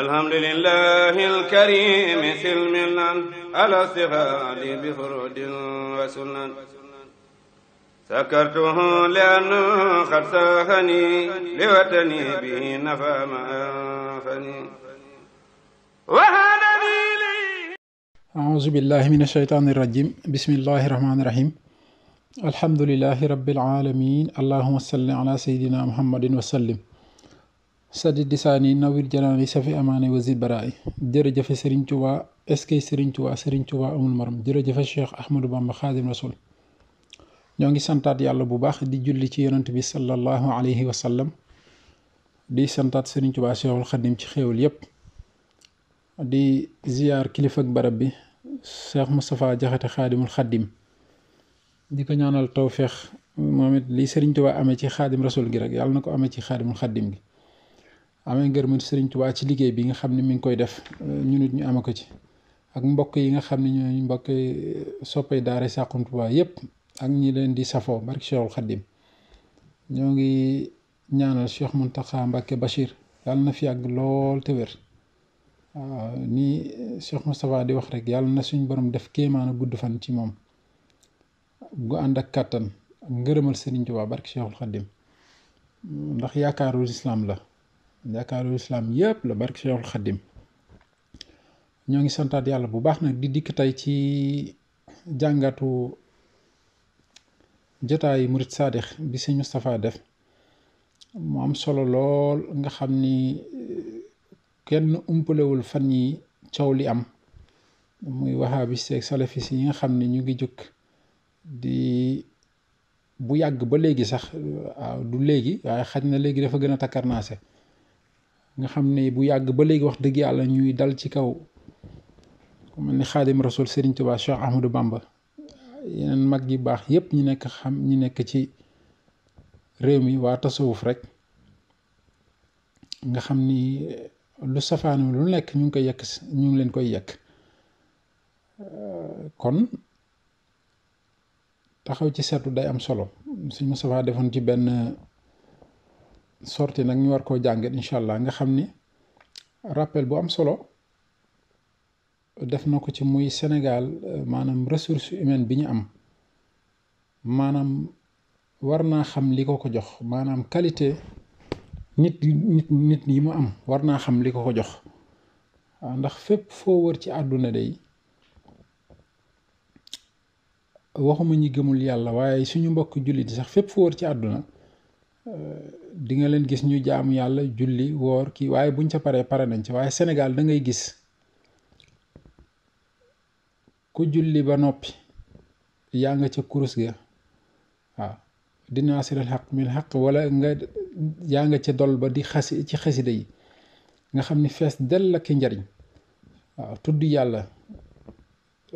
alhamdulillah alkarim silmilan alastifaad bifurud wa sunan sakartuhu lianna qad sahani liwatani bihi nafa ma anfani auzu billahi min ashaytaani rajim bismillahi rahmaani rahim alhamdulillahi rabbil aalamiin allahumma salli ala sayyidina muhammadin wa sallim sadi disaani nawir janaani safi amaane wasid baraay jërëjëfe sëriñ tubaa est-ce que sëriñ tubaa sëriñ tubaa amul morom jërëjëfe cheikh ahmadou bamba xaadim rasul ñoo ngi santaat yàlla bu baax di julli ci yonent bi sallallahu alayhi wa sallam di santaat sëriñ tubaa cheikhul xadim ci xewul yépp di ziyaar kilifa ak barab bi cheikh moustapha jaxate xaadimul xaddim di ko ñaanal tawféex moom it li sëriñ tubaa ame ci xaadim rasul gi rek yàlla na ko amee ci xaadimul xaddim gi amee ngërëmal Sëriñ Tuubaa ci liggéey bi nga xam ne mu ngi koy def euh, ñu nit ñu amee ko ci ak mbokk yi nga xam ne ñooñu mbokk euh, soppee daara Saxum Touba yëpp ak ñi leen di safoo barki Cheikhul Khadim ñoo ngi ñaanal Cheikh Mountakha Mbacké Bachir yàlla na fi ak lool te wér waaw ni euh, Cheikh Moustapha di wax rek yàlla na suñ borom def kéemaana gudd fan ci moom gu ànd ak kàttan ak ngërëmal Sëriñ Tuubaa barki Cheikhul Khadim ndax yaakaarul islam la yaakaaru islam yëpp la barke Cheikhul Khadim ñoo ngi santaat yàlla bu baax nag di dikk tey ci jàngatu jotaayu murit saadix bi sëñ Moustapha def mu am solo lool nga xam ni kenn umpalewul fan yi coow li am muy wahabis ak salafis yi nga xam ni ñu ngi jóg di bu yàgg ba léegi sax waaw du léegi waaye xaj na léegi dafa gën a takkarnaase nga xam ne bu yàgg ba léegi wax dëgg yàlla ñuy dal ci kaw ku mel ni xaadim rasul Serigne Touba Cheikh Ahmadou Bamba yeneen mag yi baax yépp ñu nekk xam ñu nekk ci réew mi waa tasawuf rek nga xam ni eh, lu safaanu lu nekk ñu ngi koy yekk ñu ngi leen koy yekk eh, kon taxaw ci seetu day am solo suñ Moustapha defoon ci benn sorti nag ñu war koo jàngat incha allah nga xam ni rappel bu am solo def na ko ci muy Sénégal euh, maanaam ressource humaine bi ñu am maanaam war naa xam li ko ko jox maanaam qualité nit nit yi mu am war naa xam li ko ko jox waaw ah, ndax fépp foo wër ci àdduna day waxuma ñi gëmul yàlla waaye suñu mbokk jullit yi sax fépp foo wër ci àdduna euh, di nga leen gis ñu jaamu yàlla julli woor kii waaye buñ ca paree pare nañ ci waaye Sénégal da ngay gis ku julli ba noppi yaa nga ca kurus ga waaw dinaa siral xaq min xaq wala nga yaa nga ca dol ba di xasi ci xasida yi nga xam ni fees dell ak njariñ waaw tudd yàlla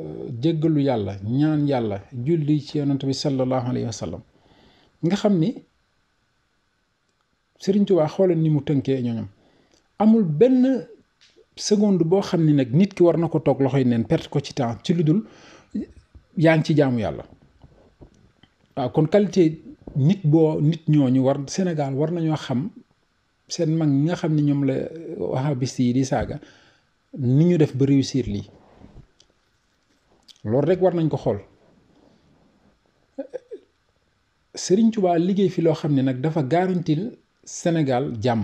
euh, jéggalu yàlla ñaan yàlla julli ci yonent bi sallallahu alayhi wa nga xam ni sëriñ Touba xoolal ni mu tënkee ñooñam amul benn seconde boo xam ni nag nit ki war na ko toog loxoy neen perte ko ci temps ci lu dul yaa ngi ci jaamu yàlla waaw kon qualité nit boo nit ñu war senegal war nañoo xam seen mag ñi nga xam ni ñoom la wahabist yi di saaga ni ñu def ba réussir lii loolu rek war nañ ko xool sëriñ Touba liggéey fi loo xam ne nag dafa garantil Sénégal jàmm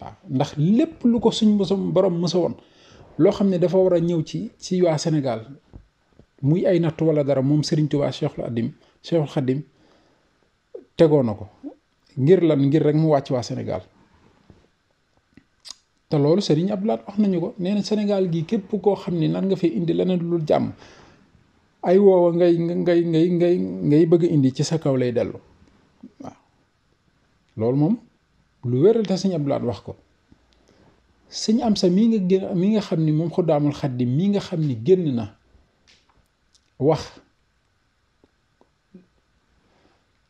waaw ndax lépp lu ko suñ mosam borom mosa woon loo xam ne dafa war a ñëw ci ci waa Sénégal muy ay natt wala dara moom Serigne Touba Cheikhul Adim Cheikhul Khadim tegoo na ko ngir lan ngir rek mu wàcc waa Sénégal te loolu sëriñ Abdou Lahad wax nañu ko nee na Sénégal gi képp koo xam ne nan nga fay indi leneen lu jàmm ay woowa ngay ngay ngay ngay bëgg indi ci sa kaw lay dellu waaw loolu moom lu wéral te sëñ Abdoulaat wax ko sëñ am sa mii nga génn mi nga xam ni moom xuddaamul xaddi mii nga xam ni génn na wax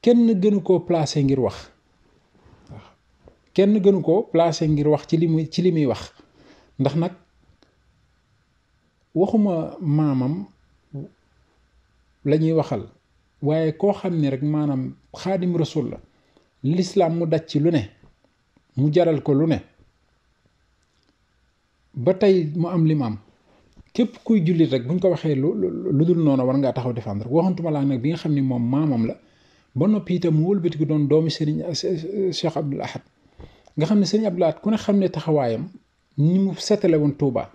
kenn gënu koo placé ngir wax kenn gënu koo placé ngir wax ci li muy ci li muy wax ndax nag waxuma maamam la ñuy waxal waaye koo xam ni rek maanaam xaadim rasul la lislaam mu daj ci lu ne mu jaral ko lu ne ba tey mu am li mu am képp kuy jullit rek buñ ko waxee lu lu dul noonu war ngaa taxaw défendre waxantuma laa bi nga xam ni moom maamam la ba noppi mu wëlbati ko doon doomi sëriñ eh, eh, Cheikh Abdoul Ahad nga xam ne sëriñ Abdoul Ahad ku ne xam ne taxawaayam ni mu setale woon Touba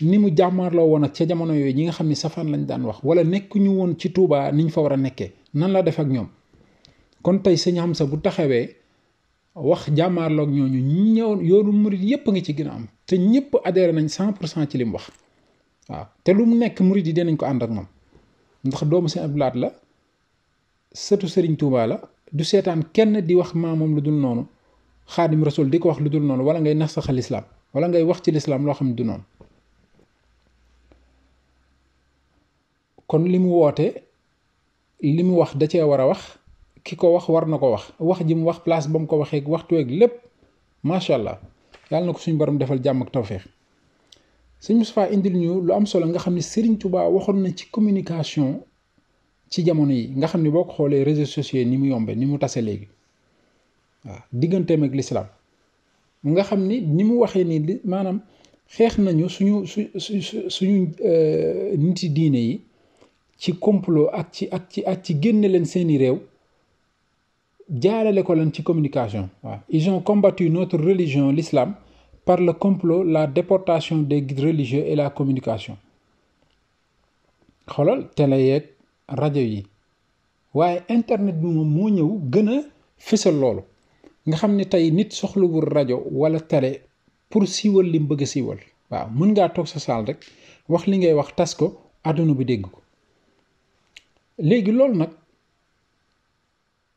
ni mu jàmmaarloo woon ak ca jamono yooyu ñi nga xam ni safaan lañ daan wax wala nekkuñu woon ci Touba niñ fa war a nekkee nan la def ak ñoom kon tey sëñ Hamza bu taxawee wax jàmmaarloog ñooñu ñëw yoonu murit yëpp ngi ci am te ñëpp adhéré nañ cent cent ci li mu wax waaw te lu mu nekk murit yi nañ ko ànd ak moom ndax doomu sëñ Abdou Lahat la setu Serigne Touba la du seetaan kenn di wax maamoom lu dul noonu xaadim rasul di ko wax lu dul noonu wala ngay nasaxal lislaam wala ngay wax ci lislaam loo xam ne du noonu kon li mu woote li mu wax da cee war a wax ki ko wax war na ko wax wax ji mu wax place ba mu ko waxee waxtu ak lépp macha allah yàlla na ko suñu borom defal jàmm ak tawféex sëñ Moustapha indil ñu lu am solo nga xam ne Serigne Touba waxoon na ci communication ci jamono yi nga xam ne boo ko xoolee réseaux sociaux ni mu yombe ni mu tase léegi waaw digganteem nga xam ni ni mu waxee nii li maanaam xeex nañu suñu su suñu euh, niti diine yi ci complot ak ci ak ci ak ci génne leen seeni réew jaarale ko leen ci communication waa ils ont combattu notre religion l'islam par le complot la déportation des guides et la communication xoolal télé yeeg rajo yi waaye internet bi moom moo ñëw gën a fësal loolu nga xam ne tey nit soxlawul rajo wala télé pour siiwal li mu bëgg a siiwal waaw mën ngaa toog sa rek wax li ngay wax tas ko àdduna bi dégg ko léegi loolu nag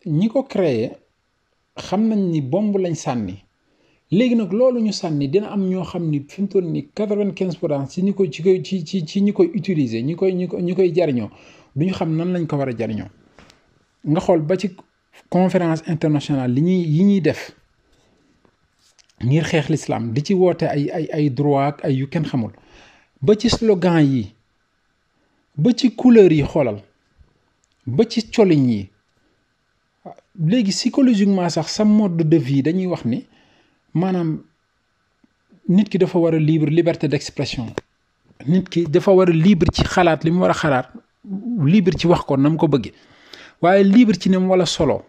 ñi ko créé xam nañ ni bomb lañ sànni léegi nag loolu ñu sànni dina am ñoo xam ni fi ni toll nii quatre-vingt-quinze pour cent si ñi koy ci koy ci ci ci ñi koy utiliser ñi koy ñi koy ñi koy jariñoo du ñu xam nan lañ ko war a jariñoo nga xool ba ci conférence internationale li ñuy yi ñuy def ngir xeex l'islam di ci woote ay ay ay droit ak ay yu kenn xamul ba ci slogan yi ba ci couleur yi xoolal ba ci colin yi léegi psychologiquement sax sa mode de vie dañuy wax ni maanaam nit ki dafa war a libre liberté d'expression nit ki dafa war a libre ci xalaat li mu war a xalaat libre ci wax ko na ko bëggee waaye libre ci ne mu wala solo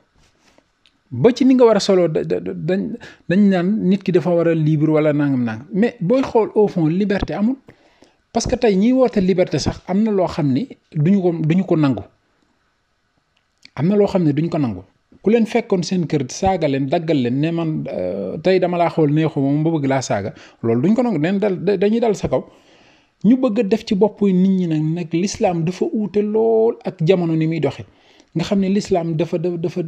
ba ci ni nga war a solo da dañ dañ naan nit ki dafa war a libre wala nangam nangam mais booy xool au fond liberté amul parce que tey ñiy woote liberté sax am na loo xam ni duñu ko duñu ko nangu am na loo xam ne duñu ko nangu ku leen fekkoon seen kër saaga leen daggal leen ne man euh, tey dama laa xool neexu moom ba bëgg laa saaga loolu duñ ko nangu neen dal dañuy dal sa kaw ñu bëgg a def ci bopp nit ñi nag nekk lislaam dafa uute lool ak jamono ni muy doxe nga xam ne l'islam dafa dafa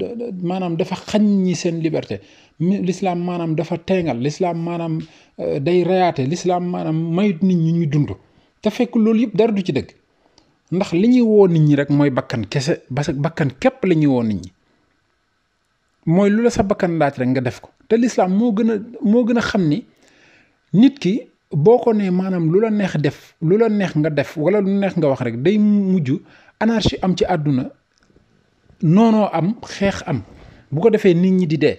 maanaam dafa xañ ñi seen liberté lislaam maanaam dafa teengal lislaam maanaam euh, day reyaate lislaam maanaam mayut nit ñi ñuy dund te fekk loolu yëpp dara du ci dëgg ndax li ñuy woo nit ñi rek mooy bakkan kese parce bakkan képp la ñuy woo nit ñi mooy lu la sa bakkan laaj rek nga def ko te lislaam moo gën a moo gën a xam ni nit ki boo ko nee maanaam lu la neex def lu la neex nga def wala lu neex nga wax rek day mujj anarchie am ci àdduna noonoo am xeex am bu ko defee nit ñi di dee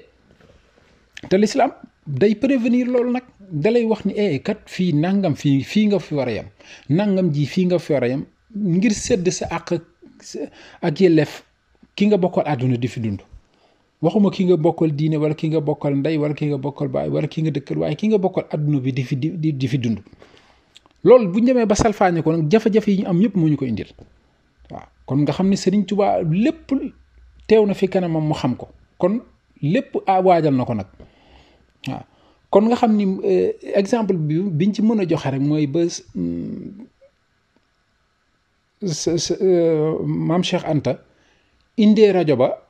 te lislaam day prévenir loolu nag dalay wax ni eh kat fii nangam fii fii nga fi war a yem nangam ji fii nga fi war a yem ngir sedd sa àq ak yelleef ki nga bokkal àdduna di fi dund waxuma ki nga bokkal diine wala ki nga bokkal ndey wala ki nga bokkal baay wala ki nga dëkkal waaye ki nga bokkal adduna bi di fi di di fi dund lool bu ñu demee ba salfaañe ko nag jafe-jafe yi ñu am yëpp moo ñu ko indil waaw kon nga xam ne Serigne Touba lépp teew na fi kanamam mu xam ko kon lépp a na ko nag kon nga xam ni euh, exemple bi biñ ci mën a joxe rek mooy ba mm, euh, maam Cheikh Anta indee rajo ba.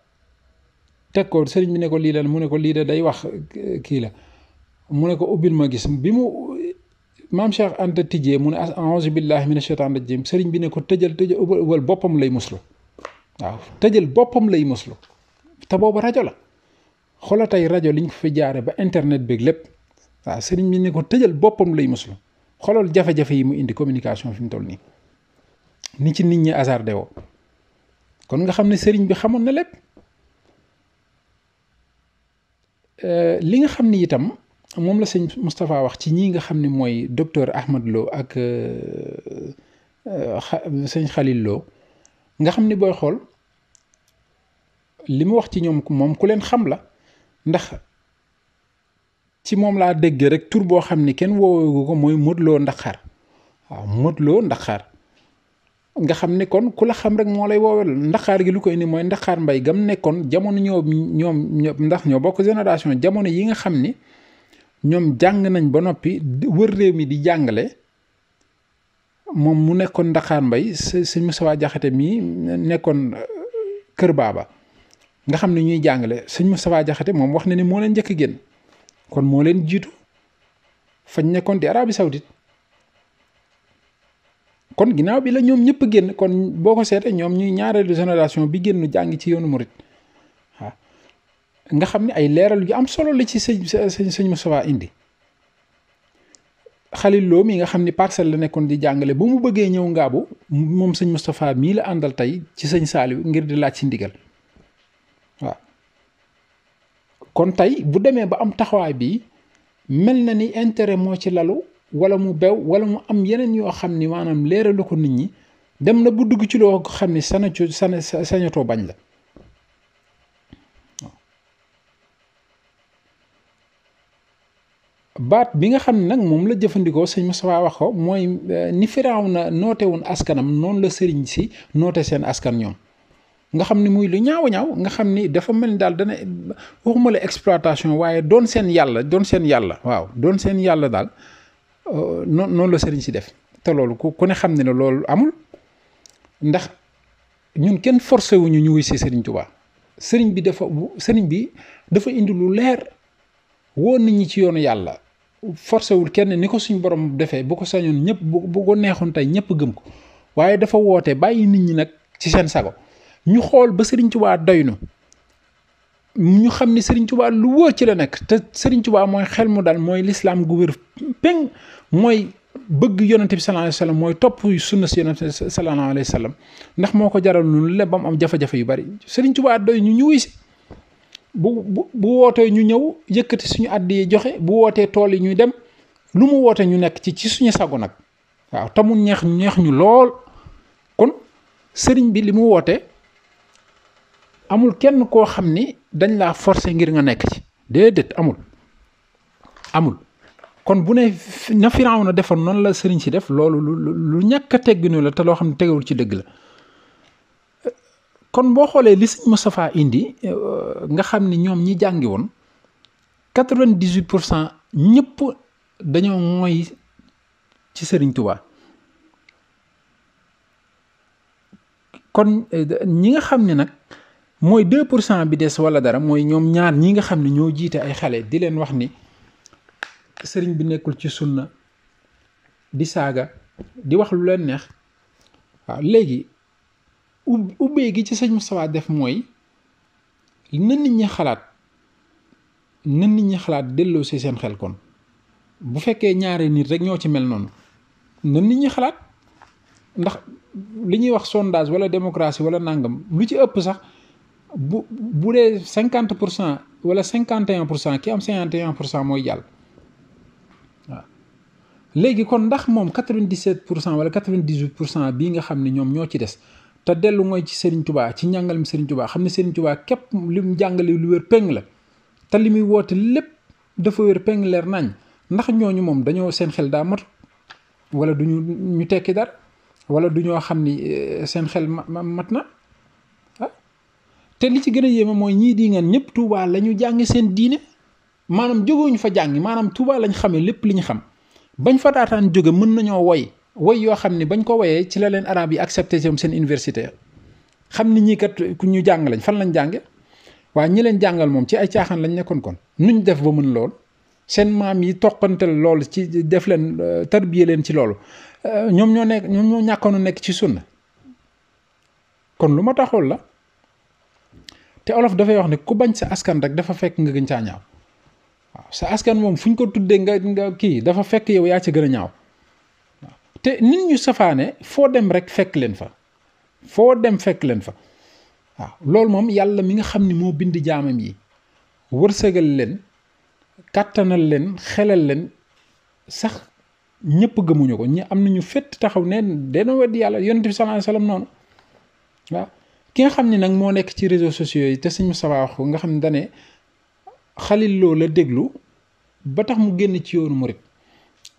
teg ko sëriñ bi ne ko lii la mu ne ko lii de day wax kii la mu ne ko ubbil ma gis bi mu maam Cheikh Anta tijjee mu ne a aouzu billahi mina shaytaan rajim sëriñ bi ne ko tëjël tëjal ubal boppam lay muslu waaw tëjal boppam lay muslu te boobu rajo la xoola tey rajo liñ ko fi jaare ba internet beeg lépp waaw sëriñ bi ne ko tëjal boppam lay muslu xoolal jafe-jafe yi mu indi communication fi mu toll nii ni ci nit ñi hasardé woo kon nga xam ne sëriñ bi xamoon na lépp Euh, li nga xam ni itam moom la sëñ Moustapha wax ci ñii nga xam ni mooy docteur ahmaduloo ak euh, euh, sëñ Khalil Lo nga xam ni booy xool li mu wax ci ñoom moom ku leen xam la ndax ci moom laa déggee rek tur boo xam ni kenn wooweegu ko mooy Modou Lo Ndaxar waaw Modou Lo Ndaxar nga xam ne kon ku la xam rek moo lay woowel ndaxaar gi lu ko indi mooy ndaxaar mbay gam nekkoon jamono ñoo ñoom ndax ñoo bokk génération jamono yi nga xam ni ñoom jàng nañ ba noppi wër réew mi di jàngale moom mu nekkoon ndaxaar mbay sëñ Moustapha Jaxate mii nekkoon euh, kër baaba nga xam ne ñuy jàngale sëñ Moustapha Jaxate moom wax na ni moo leen njëkk a génn kon moo leen jiitu fañ nekkoon di Arabie Saoudite kon ginnaaw bi la ñoom ñëpp génn kon boo ko seetee ñoom ñuy ñaareelu génération bi génn jàng ci yoonu murit waaw nga xam ne ay leeral yu am solo la ci sëñ sëñ sëñ Moustapha indi xalil mi nga xam ni parcelle la nekkoon di jàngale ba mu bëggee ñëw ngaabu moom sëñ Moustapha mii la àndal tey ci sëñ Saliou ngir di laaj si ndigal waaw kon tey bu demee ba am taxawaay bii mel na ni intérêt moo ci lalu wala mu bew wala mu am yeneen yoo xam ni maanaam leeralu ko nit ñi dem na bu dugg ci loo xam ni sana sana sañatoo bañ la baat bi nga xam ne nag moom la jëfandikoo sëñ Moustapha wax ko mooy eh, ni firaaw na noote woon askanam noonu la sëriñ si noote seen askan ñoom nga xam ni muy lu ñaaw ñaaw nga xam ni dafa mel ni daal dana waxuma la exploitation waaye doon seen yàlla doon seen yàlla waaw doon seen yàlla daal Euh, noonu la sëriñ si def te loolu ku ku ne xam ne ne loolu amul ndax ñun kenn forcé wuñu ñu wuy si sëriñ Tuubaa sëriñ bi dafa sëriñ bi dafa indi lu leer woo nit ñi ci yoonu yàlla forcé wul kenn ni ko suñ borom defee bu ko sañoon ñëpp bu ko neexoon tey ñëpp gëm ko waaye dafa woote bàyyi nit ñi nag ci seen sago ñu xool ba sëriñ Tuubaa doy nu ñu xam ni sëriñ Touba lu wóor ci la nekk te Serigne Touba mooy xel mu dal mooy lislaam gu wér péng mooy bëgg yonente bi sallallahu alayhi wa mooy topp sunna si yonente sallallahu alayhi ndax moo ko jaral ba mu am jafe yu bari Serigne Touba doy ñu ñu wuy si bu bu wootee ñu ñëw yëkkati suñu àddi joxe bu wootee tool yi ñuy dem lu mu woote ñu nekk ci ci suñu sago nag waaw tamul ñeex ñeex ñu lool kon sëriñ bi li mu wootee amul kenn koo xam ni dañ laa forcer ngir nga nekk ci déedéet amul amul kon bu ne na Firawna defoon noonu la sëriñ si def loolu lu lu ñàkk a tegginu la te loo xam ne tegewul ci dëgg la kon boo xoolee li sëñ Moustapha indi euh, nga xam ni ñoom ñi jàngi woon quatre vingt dix pour cent ñëpp dañoo mooy ci sëriñ kon euh, ñi nga xam ne nag mooy de pour cent bi des wala dara mooy ñoom ñaar ñi nga xam ne ñoo jiite ay xale di leen wax ni sëriñ bi nekkul ci sunna di saaga di wax lu leen neex waaw léegi ubbee gi ci sëñ Moustapha def mooy na nit ñi xalaat na nit ñi xalaat delloo si seen xel kon bu fekkee ñaari nit rek ñoo ci mel noonu na nit ñi xalaat ndax li ñuy wax sondage wala démocratie wala nàngam lu ci ëpp sax. bu bu dee cinquante pour cent wala cinquante et un pour cent ki am cinquante et un pour cent mooy jàll waaw léegi kon ndax moom quatre vingt dix pour cent wala quatre vingt dix huit pour cent nga xam ne ñoom ñoo ci des te dellu mooy ci Serigne Touba ci njàngalem Serigne Touba xam ne Serigne Touba képp lim jàngale lu wér peng la te li muy woote lépp dafa wér peng nañ ndax ñooñu moom dañoo seen xel daa matu wala du ñu ñu tekki dar wala du ñoo xam ni eh, seen xel mat na. te li ci gën a yéeme mooy ñii di ngeen ñëpp Touba la ñu jàngi seen diine maanaam jógewuñu fa jàngi maanaam Touba lañu xame lépp li ñu xam bañ fa daataan jóge mën nañoo woy woy yoo xam ne bañ ko woyee ci la leen arab yi accepté seen université xam ni ñii kat ku ñu jàng lañ fan lañ jànge waaye ñi leen jàngal moom ci ay caaxaan lañ nekkoon kon nu ñu def ba mën lool seen maam yi toqantal lool ci def leen euh, tarbiye leen ci loolu euh, ñoom ñoo nekk ñoom ñàkkoon nekk ci sunna kon te olof dafay wax ne ku bañ sa askan rek dafa fekk nga gën caa ñaaw waaw sa askan moom fu ñu ko tuddee nga nga kii dafa fekk yow yaa ci gën a ñaaw waaw te nit ñu safaanee foo dem rek fekk leen fa foo dem fekk leen fa waaw loolu moom yàlla mi nga xam ni moo bind jaamam yi wërsëgal leen kàttanal leen xelal leen sax ñëpp gëmuñu ko ñi am nañu fett taxaw ne dañoo weddi yàlla yonent bi sallallahu alayhi wasallam noonu waaw ki nga xam ni nag moo nekk ci réseaux sociaux yi te sëñ Moussa wax ko nga xam ni dane xaliloo la déglu ba tax mu génn ci yoonu murit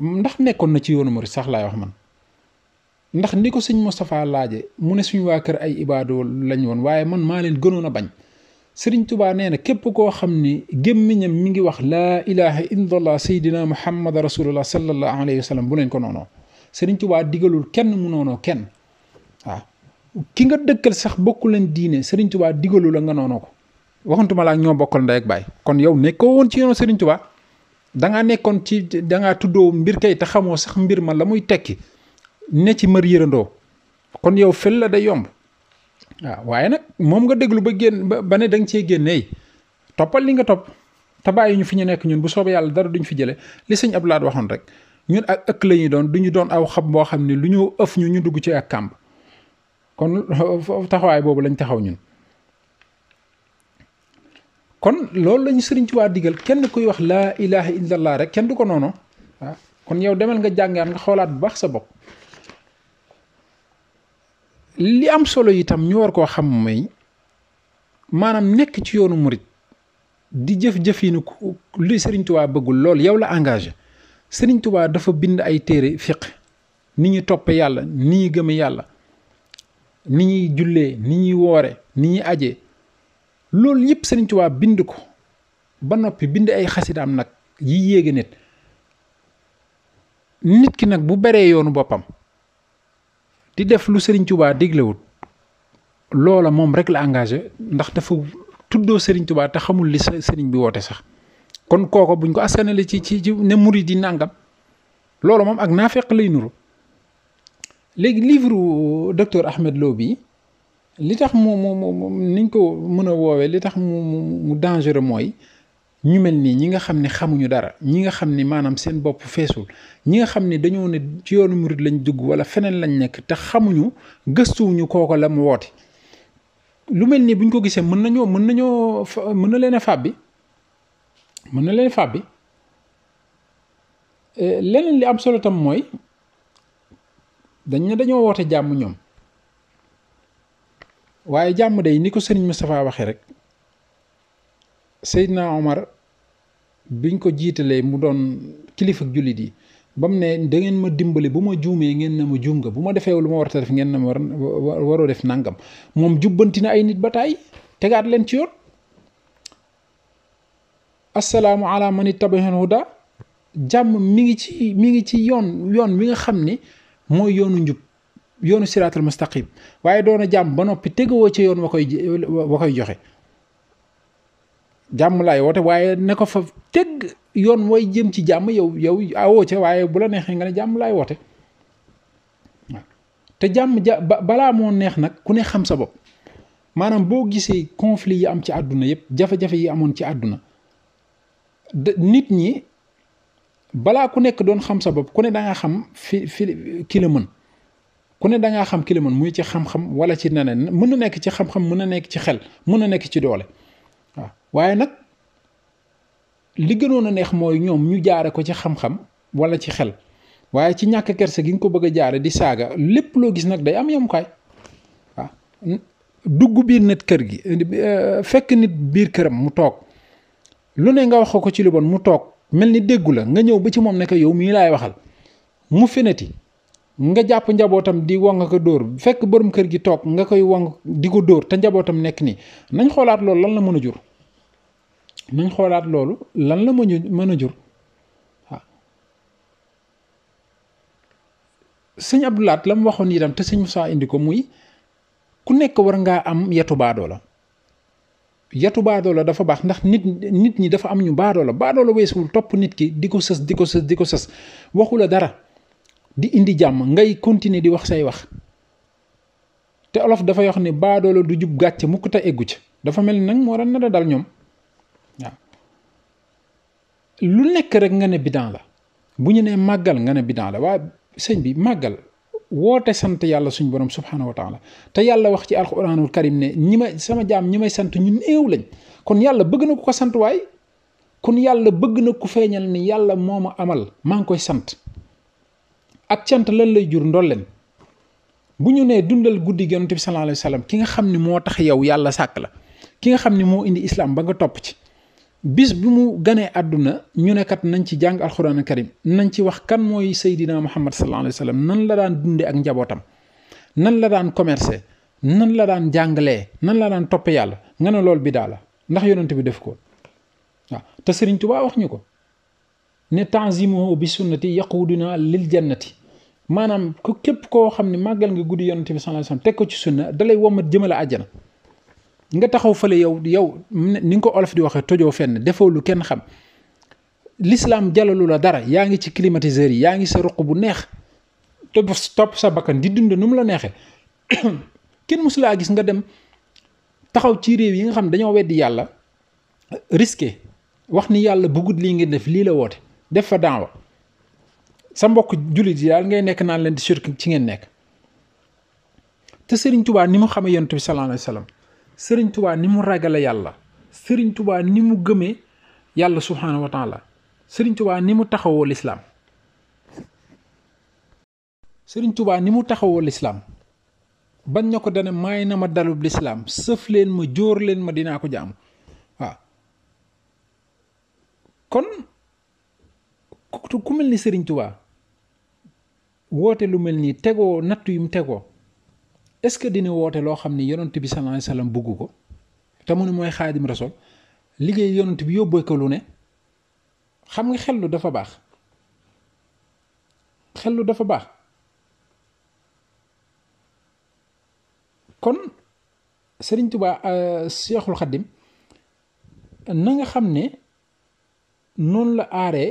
ndax nekkoon na ci yoonu murit sax laay wax man ndax ni ko sëñ Moustapha laaje mu ne suñ waa kër ay ibaado lañ woon waaye man maa leen gënoon a bañ sëriñ Tubaa nee na képp koo xam ni gémmiñam mi ngi wax laa ilaha illallah sayyidina muhammad rasulullah sallallahu alayhi wa sallam bu leen ko noonoo sëriñ Tubaa digalul kenn mu noonoo ki nga dëkkal sax bokku leen diine Serigne Touba digalu la nga noonu ko waxantuma la ak ñoo bokkal ndey ak baay kon yow nekkoo woon ci yoonu Serigne Touba da ngaa nekkoon ci da tuddoo mbir kay te xamoo sax mbir ma la muy tekki ne ci mër yërandoo kon yow fel la day yomb waaw ah, waaye nag moom nga déglu ba génn ba ne danga cee génnee toppal li nga topp te bàyyi ñu fi ñu nekk ñun bu soobee yàlla dara duñ fi jëlee li ab Abdoulaye waxoon rek ñun ak ëkk lañuy ñuy doon du ñu doon aw xam boo xam ne lu ñu ñu ñu dugg ci ak kàmb kon taxawaay boobu lañ taxaw ñun kon loolu lañu sëriñtuwaa Tuubaa digal kenn kuy wax laa ilaha illallah rek kenn du ko noonu waaw kon yow demal nga jàngaat nga xoolaat bu baax sa bopp li am solo itam ñu war koo xam mooy maanaam nekk ci yoonu murit di jëf-jëf yi li sëriñ bëggul lool yow la engage sëriñtuwaa dafa bind ay téere fiq ni ñu topp yàlla ni ñu gëme yàlla ni ñuy jullee ni ñuy woore ni ñuy ajee loolu yëpp Sëriñ Tuubaa bind ko ba noppi bind ay xasidaam nag yi yéege nit nit ki nag bu baree yoonu boppam di def lu Sëriñ Tuubaa déglewul loola moom rek la engage ndax dafa tuddoo Sëriñ Tuubaa te xamul li sëriñ bi woote sax kon kooko buñ ko askanale ci ci ci ne murid di nàngam loolu moom ak naafeq lay nuru léegi livre docteur Ahmed Lo bi li tax mu mu mu niñ ko mën a woowee li tax mu mu dangereux mooy ñu mel nii ñi nga xam ne xamuñu dara ñi nga xam ni maanaam seen bopp feesul ñi nga xam ni dañoo ne ci yoonu murit lañ dugg wala feneen lañu nekk te xamuñu gëstuwuñu kooko la mu woote lu mel nii buñ ko gisee mën nañoo mën nañoo mën na leen a fàbbi mën na leen fàbbi eh, leneen li am solo tam mooy dañ ne dañoo woote jàmm ñoom waaye jàmm yi ni ko sëriñ Moustapha waxee rek Seydina Omar biñ ko jiitalee mu doon kilifa jullit yi ba mu ne da ma dimbali bu ma juumee ngeen ne ma juum nga bu ma defee lu ma war a def ngeen ne ma waroo def nangam moom jubbanti na ay nit ba taay tegaat leen ci yoon assalaamu ala man ittabahal huda jàmm mi ngi ci mi ngi ci yoon yoon mi nga xam ni mooy yoonu njub yoonu siraatal mustaqim waaye doona jàmm ba noppi tegawoo ci yoon wa koy wa koy joxe jàmm laay woote waaye ne ko fa teg yoon way jëm ci jàmm yow yow awoo ca waaye bu la neexee nga ne jàmm laay woote waaw te jàmm ja balaa moo neex nag ku ne xam sa bopp maanaam boo gisee conflit yi am ci àdduna yëpp jafe-jafe yi amoon ci àdduna nit ñi balaa ku nekk doon xam sa bopp ku ne da xam fi fi ki mën ku ne da xam ki muy ci xam-xam wala ci neneen mën a nekk ci xam-xam mën na nekk ci xel mën na nekk ci doole waaw waaye nag li gënoon a neex mooy ñoom ñu jaare ko ci xam wala ci xel waaye ci ñàkk kersa gi nga ko bëgg a jaare di saaga lépp loo gis nag day am yamukaay waaw dugg biir nit kër gi euh, fekk nit biir këram mu toog lu ne nga wax ko ci lu mu toog mel ni déggu la nga ñëw ba ci moom ne ko yow mii laay waxal mu feneti nga jàpp njabootam di wong ko dóor fekk borom kër gi toog nga koy wong di ko dóor te njabootam nekk nii nañ xoolaat loolu lan la mën a jur nañ xoolaat loolu lan la mën mën a jur waaw sëñ Abdou Lahat la mu waxoon itam te sëñ Moussa indi ko muy ku nekk war ngaa am yetu baadoo la yatu baadoola dafa baax ndax nit nit ñi dafa am ñu baadoo la baadoo la weesuwul topp nit ki di ko sës di ko sës di ko sës waxu la dara di indi jàmm ngay continuer di wax say wax te olof dafa yox ne baadoola du jub gàcce mukk te eggu ci dafa mel ni nag moo doon nar a dal ñoom waaw lu nekk rek nga ne bidan la bu ñu nee màggal nga ne bidan la waa sëñ bi màggal woote sant yàlla suñ borom subhanahu wa taala te yàlla wax ci alquranul karim ne ñi may sama jaam ñi may sant ñu néew lañ kon yàlla bëgg na ku ko sant waay kon yàlla bëgg na ku feeñal ni yàlla moo ma amal maa ngi koy sant ak cant lan lay jur ndolleen bu ñu nee dundal guddi yonent bi sallallahu alayhi wa ki nga xam ni moo tax yow yàlla sàkk la ki nga xam ni moo indi islaam ba nga topp ci bis bi mu ganee àdduna ñu ne kat nañ ci jàng alxuraan karim nañ ci wax kan mooy Seydina Muhammad sallallahu alayhi wa sallam nan la daan dundee ak njabootam nan la daan commercer nan la daan jàngalee nan la daan toppee yàlla nga ne loolu bidaa la ndax yonent bi def ko waaw te Serigne Touba wax ñu ko ne tanzimuhu bi sunnati yaquduna lil jannati maanaam ku képp koo xam ni màggal nga guddi yonent bi sallallahu alayhi wa sallam teg ko ci sunna dalay womat jëmale àjjana nga taxaw fële yow yow ni nga ko olof di waxee tojoo fenn defoo lu kenn xam lislaam jalalu la dara yaa ngi ci climatiseur yi yaa ngi sa ruq bu neex te topp sa bakkan di dund nu mu la neexee kenn mësu gis nga dem taxaw ci réew yi nga xam dañoo weddi yàlla risqué wax ni yàlla bëggut lii ngeen def lii la woote def fa daawa sa mbokk jullit yi daal ngay nekk naan leen di shirk ci ngeen nekk te Serigne Touba ni mu xamee yonent bi sallallahu alayhi wasallam sëriñ tubaa ni mu ragale yàlla sëriñ tubaa ni mu gëme yàlla subhaanahu wa taala sëriñ tubaa ni mu taxawoo lislaam sëriñ tubaa ni mu taxawoo lislaam bañ na ko dana may na ma dalub lislaam sëf leen ma jóor leen ma dinaa ko jaamu waaw kon ku mel ni sëriñ tubaa woote lu mel nii tegoo natt yu mu tegoo est-ce que dina woote loo xam ni yonent bi sallallahu alayhi wasallam bugg ko te mu ne mooy xaadim rasul liggéey yonent bi yóbboo ko lu ne xam nga xel lu dafa baax xel lu dafa baax kon Sëriñ tubaa Seexul euh, Xaddim na nga xam ne noonu la aaree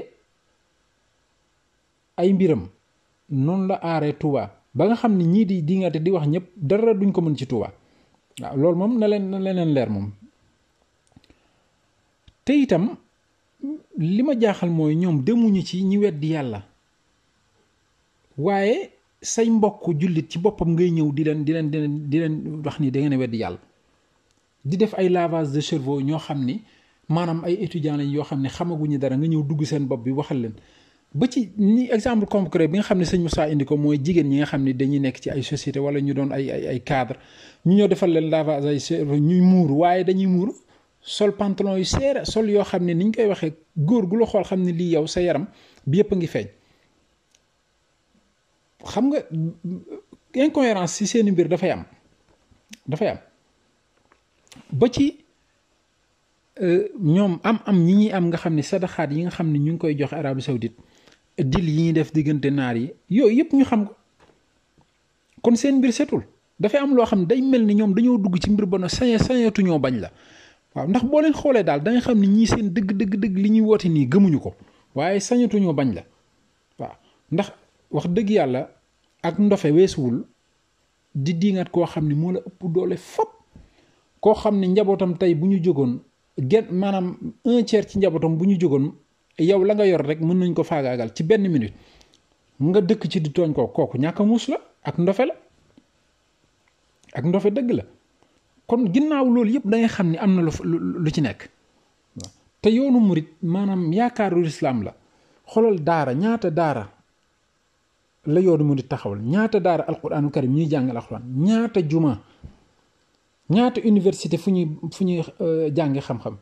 ay mbiram noonu la aaree Tuubaa ba nga xam ni ñii di dingate di wax ñëpp dara duñ ko mën ci Touba waaw loolu moom na leen na leen leer moom te itam li ma jaaxal mooy ñoom demuñu ci ñi weddi yàlla waaye say mbokk jullit ci boppam ngay ñëw di leen di leen di leen di leen wax ni da ngeen a yàlla di def ay lavage de cerveau ñoo xam ni maanaam ay étudiants yoo xam ne xamaguñu dara nga ñëw dugg seen bopp bi waxal leen ba ci ni exemple concret bi nga xam ne sañ Moussa indi ko mooy jigéen ñi nga xam ne dañuy nekk ci ay société wala ñu doon ay ay ay cadre ñu ñoo defal leen lavage ay ñuy muuru waaye dañuy muuru sol pantalon yu seere sol yoo xam ne ni ñu koy waxee góor gu la xool xam ne lii yow sa yaram bi yëpp a ngi feeñ xam nga incohérence ci seeni mbir dafay am dafay am ba ci euh, ñoom am am ñi ñuy am nga xam ne sadaxaat yi nga xam ne ñu ngi koy joxe Arabie Saoudite dil yi ñuy def diggante naar yi yooyu yëpp ñu xam ko kon seen mbir setul dafay am loo xam dañ mel ni ñoom dañoo dugg ci mbir ba na sañe sañetu bañ la waaw ndax boo leen xoolee daal da xam ni ñii seen dëgg dëgg li ñuy woote nii gëmuñu ko waaye sañetu bañ la waaw wax dëgg yàlla ak ndofe weesuwul di diingat koo xam ni moo la ëpp doole fop koo xam ne njabootam tey bu ñu jógoon gen maanaam un ci njabootam bu ñu jógoon yow la nga yor rek mën nañ ko faagaagal ci benn minute nga dëkk ci di tooñ kooku ñàkk muus la ak ndofe la ak ndofe dëgg la kon ginnaaw loolu yëpp dangay xam ni am na lu ci nekk te yoonu murit maanaam yaakaaru lislaam la xolal daara ñaata daara la yoonu murit taxawal ñaata daara alquraanu karim ñuy jàngal alquraan ñaata juma ñaata université fu ñuy fu ñuy euh, jàngi xam-xam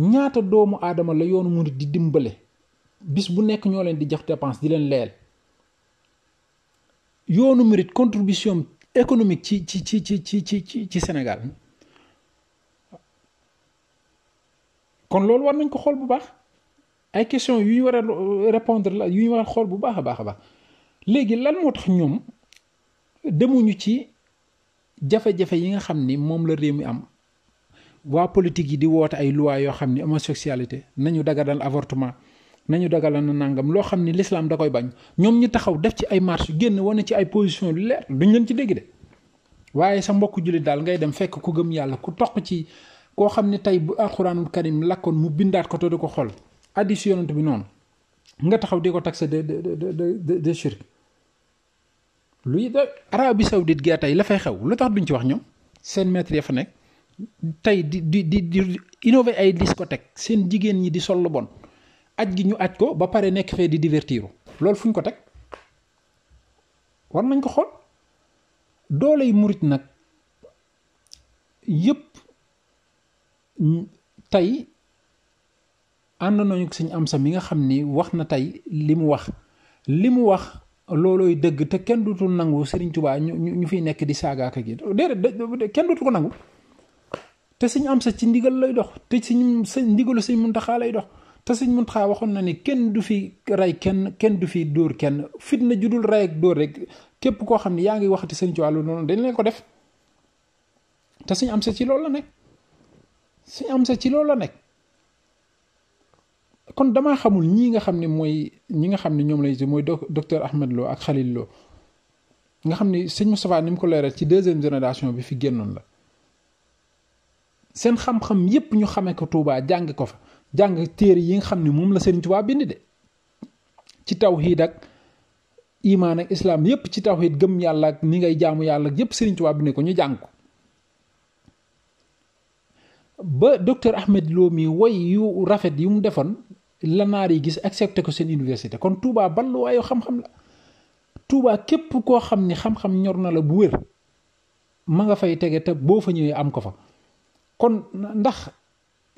ñaata doomu aadama la yoonu murid di dimbale bis bu nekk ñoo leen di jox dépense di leen leel yoonu murid contribution économique ci ci ci ci ci ci ci ci Sénégal kon loolu war nañ ko xool bu baax ay question yu ñu war a répondre la yu ñu war a xool bu baax a baax a baax léegi lan moo tax ñoom demuñu ci jafe-jafe yi nga xam ni moom la réew mi am waa politique yi di woote ay loi yoo xam ni homosexualité nañu daganal avortement nañu daganal na nangam loo xam ni l'islam da koy bañ ñoom ñu taxaw def ci ay marche génn wane ci ay position lu leer leen ci dégg waaye sa mbokku jullit daal ngay dem fekk ku gëm yàlla ku toq ci koo xam ne tey bu alxuraanul karim lakkoon mu bindaat ko te ko xool addis yonent noonu nga taxaw di ko taxé de de de de shirk luy Arabie Saoudite gee tey la xew lu tax duñ ci wax ñoom seen maître ya fa nekk tey di di di di innové ay discothèque seen jigéen ñi di sol lu bon aj gi ñu aj ko ba pare nekk fee di divertiru lool fu ñu ko teg war nañ ko xool dooley murit nag yëpp tey ànd nañu ko sëñ am sa mi nga xam ni wax na tey li mu wax li mu wax loolooy dëgg te kenn dutul nangu Serigne Touba ñu ñu fiy nekk di saagaaka gi déedéet kenn dutul ko nangu te sëñ am sa ci ndigal lay dox te sëñ sa ndigalu sëñ Muntaxa lay dox te mun Muntaxa waxoon na ni kenn du fi rey kenn kenn du fi dóor kenn fitna ju dul ray ak dóor rek képp koo xam ne yaa ngi waxati sëñ ci wàllu noonu dañ leen ko def te sëñ am sa ci loolu la nekk sëñ am sa ci lool la nekk kon damaa xamul ñii nga xam ni mooy ñi nga xam ne ñoom lay mooy docteur Ahmed Lo ak Khalil Lo nga xam ne sëñ Moustapha ni mu ko leeral ci deuxième génération bi fi génnoon la seen xam-xam yépp ñu xamee ko tuubaa jàng ko fa jàng téere yi nga xam ni moom la Serigne Touba bind de ci tawhid ak imaan ak islaam yépp ci tawhid gëm yàlla ak ni ngay jaamu yàlla ak yépp Serigne Touba bind ko ñu jàng ba docteur Ahmed Lo woy yu rafet yu mu defoon la naar yi gis accepté ko seen université kon Touba balluwaayu xam-xam la Touba képp koo xam ni xam-xam ñor na la bu wér ma nga fay tege te boo fa ñëwee am ko fa kon ndax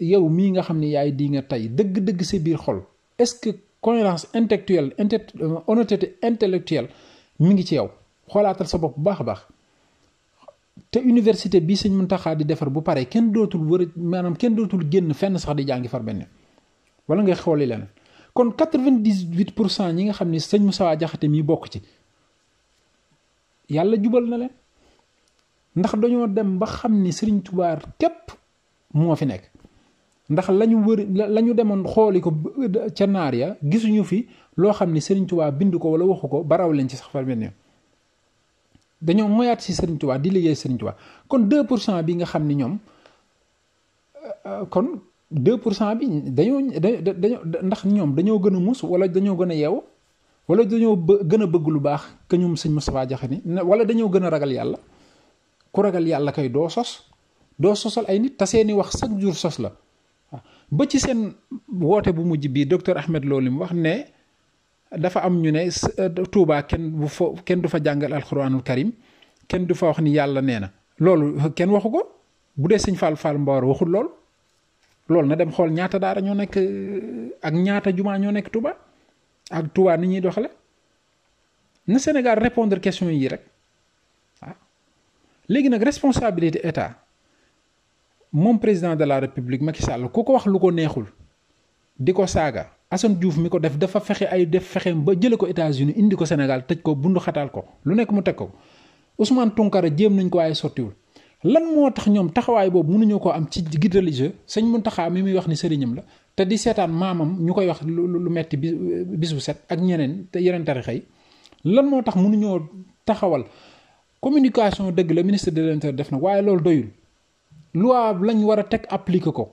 yow mii nga xam ne yaay di nga tey dëgg-dëgg sa biir xol est-ce que cohérence intellectuelle inte euh, honnêteté intellectuelle mu ngi ci yow xoolaatal sa bopp bu baax a baax te université bi sëñ Muntaxa di defar bu pare kenn dootul wër maanaam kenn dootul génn fenn sax di jàngi far benn wala ngay xooli leneen kon quatre vingt pour cent ñi nga xam ne sëñ sawaa Jaxate mii bokk ci yàlla jubal na leen ndax dañoo dem ba xam ni Sëriñ Tuubaa képp moo fi nekk ndax lañu wër la ñu demoon xooli ko ca naar ya gisuñu fi loo xam ni Sëriñ Tuubaa bind ko wala waxu ko baraw leen ci sax far benn dañoo moyaat si Sëriñ Tuubaa di liggéey Sëriñ kon 2 pour cent bi nga xam ni ñoom euh, euh, kon 2 pour cent bi dañoo dañoo ndax ñoom dañoo gën a muus wala dañoo gën a yeew wala dañoo gën a bëgg lu baax que ñoom sëñ Moustapha Jaxate ni wala dañoo gën a ragal yàlla ku ragal yàlla koy doo sos doo sosal ay nit te seeni wax chaque jour sos la ba ci seen woote bu mujj bii docteur Ahmed Lo mu wax ne dafa am ñu ne euh, tuubaa kenn bu kenn du fa jàngal alxuraanul karim kenn du fa wax ni yàlla nee na loolu kenn waxu ko bu dee sëñ Fall Fall Mbawar waxul lool loolu na dem xool ñaata daara ñoo nekk euh, ak ñaata jumaa ñoo nekk Touba ak Touba ni ñuy doxale na Sénégal répondre question yi rek léegi nag responsabilité état moom président de la république Macky Sall ku ko wax lu ko neexul di ko saaga Assane Diouf mi ko def dafa fexe ay def fexeem ba jële ko États-Unis indi ko Sénégal tëj ko bundu ko lu nekk mu teg ko Ousmane Tounkara jéem nañ ko waaye sottiwul lan moo tax ñoom taxawaay boobu mënuñu ko am ci guide religieux mun Mountakha mi muy wax ni sëriñam la te di seetaan maamam ñu koy wax lu lu metti bis bu set ak ñeneen te yeneen tarixa yi lan moo tax mënuñoo taxawal communication dëgg la ministre de l'intérieur def na waaye loolu doyul loi lañu war a teg appliquer ko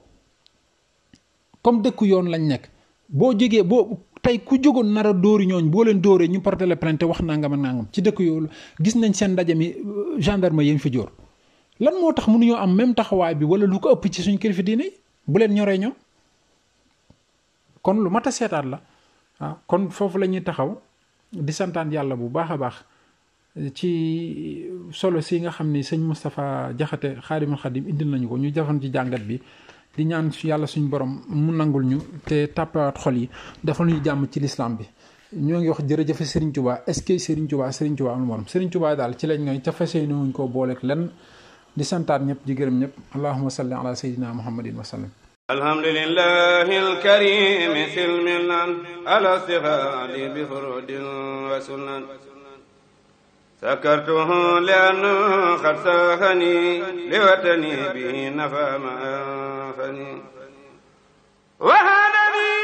comme dëkk yoon lañ nekk boo jógee boo tey ku jógoon nara a dóori ñooñ boo leen dóoree ñu porté la plainte wax nangam ak nangam ci dëkk yooyu gis nañ seen ndaje mi euh, gendarme yi fi jóor lan moo tax mënuñoo am même taxawaay bi wala lu ko ëpp ci suñ kilifa diine bu leen ñoree ñoom kon lu mat a seetaan la ah kon foofu la taxaw di santaan yàlla bu baax a baax. ci solo si nga xam ni sëñ Moustapha Jaxate Xaadimul Xadim indil nañu ko ñu jafan ci jàngat bi di ñaan yàlla suñu borom mu nangul ñu te tàppaat xol yi dafa ñu jàmm ci lislaam bi ñoo ngi wax jërëjëf Serigne Touba est-ce que Serigne Touba Serigne Touba amul morom Serigne Touba daal ci lañ ñooy ca fas yéene wuñ koo booleeg lenn di santaat ñëpp di gërëm ñëpp allahumma salli ala sayyidina muhammadin wa sallam alhamdulillahi alkarim silmilan ala siradi bi furudin wa سكرته لأنه قد ساخني لوتني به نفى ما أنفني وهذا